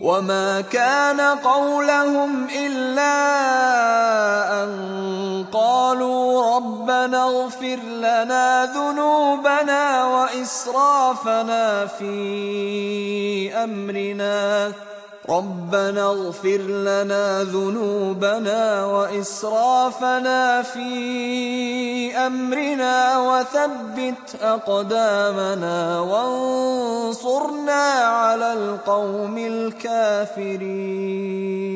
وما كان قولهم الا ان قالوا ربنا اغفر لنا ذنوبنا واسرافنا في امرنا ربنا اغفر لنا ذنوبنا واسرافنا في امرنا وثبت اقدامنا وانصرنا انصرنا على القوم الكافرين